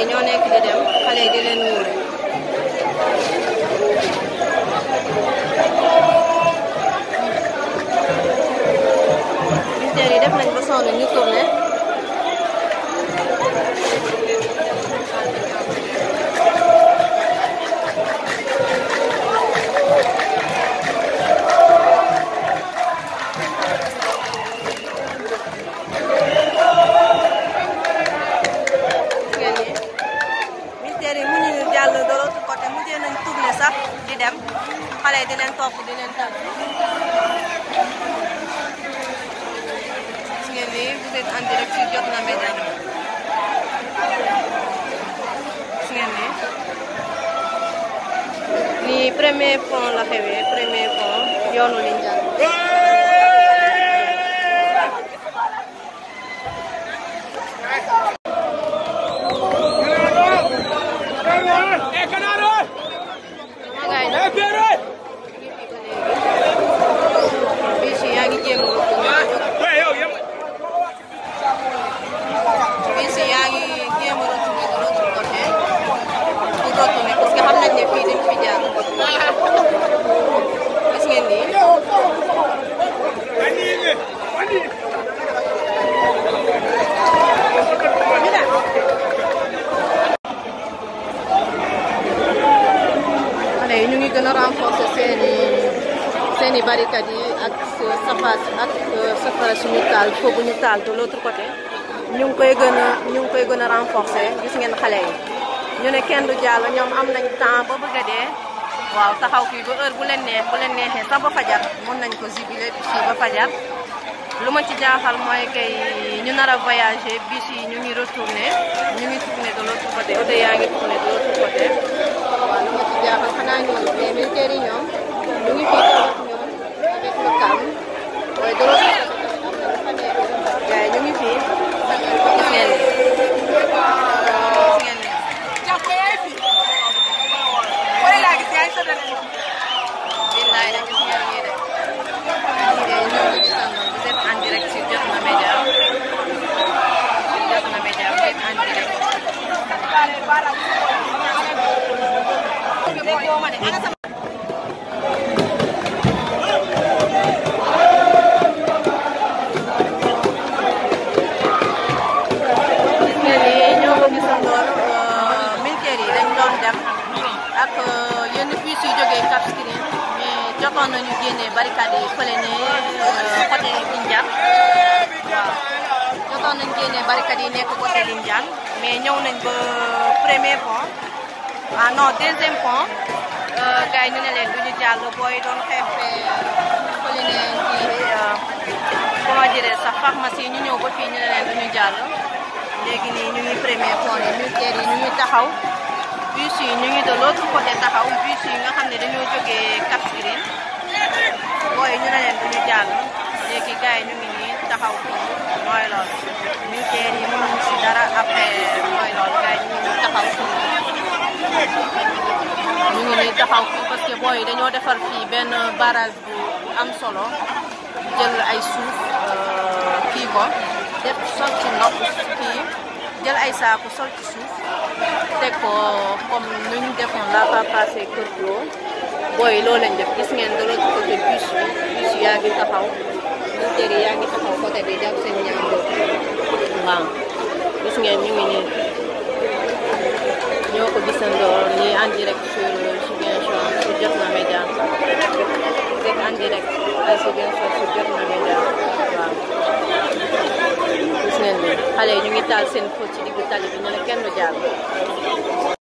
yi ñoo nekk di dem xale yi di leen muure ministère yi def nañ ba sonn ñu tourné dem xale di leen topp di leen tàgg gis ni vous êtes en direct sur Jotna Média gis ni ni premier pont la premier pont yoonu ñuy gën a renforcer seen i seen i ak safaas ak euh, safara suñu taal foofu ñu taal de l'autre côté ñu koy gën ñu ngi koy gën a renforcer gis ngeen xale yi ñu ne kenn du jàll ñoom am nañ temps ba bëgg a dee waaw taxaw fii ba heure bu leen neex bu leen neexee sax ba fajar mën nañ ko jubiler fii ba lu ma ci jaaxal mooy kay ñu nar a bis yi ñu ngi retourné ñu ngi tourné de l'autre côté oto yaa ngi tourné de l'autre côté あの松屋は花いのの命名 doon dem ak euh, yenn bus yu jógee Cap Skirring mais jotoon nañu génnee barricade yi fële ne euh, côté Lindiane waaw jotoon nañu génnee barricade yi nekk côté Lindiane mais ñëw nañ ba euh, premier pont ah, non deuxième pont gars ñu ne leen du ñu jàll booy doon xeexee fële ne ci comment dire sax pharmacie ñu ñëw ba fii ñu ne leen du ñu jàll léegi nii ñu ngi premier pont yi militaire yi ñu ngi taxaw. bus yi ñu ngi de l'autre côté taxaw bus yi nga xam ne dañoo jógee Cap Skirring booy ñu ne leen duñu jàll léegi gars ñu ngi nii taxaw mooy lool militaire yi mënuñu si dara après mooy lool gars ñu ngi taxaw ñu ngi nii taxaw parce que booy dañoo defar fii benn barrage bu am solo jël ay suuf kii ko def sotti ndox kii jël ay saaku sol ci suuf teg ko comme nu ñu defoon la pas passé kër Góor booy loolu lañ def gis ngeen de l'autre côté yaa ngi taxaw militaire yi yaa ngi bi jàpp seen ñaango waaw gis ngeen ñu ngi nii ñoo ko gisandoo nii en direct sur Ziguinchor sur Jotna Média rek en direct à Ziguinchor sur Jotna Média xale yi ñu ngi taal seen fo ci diggu tali bi ñu ne kenn du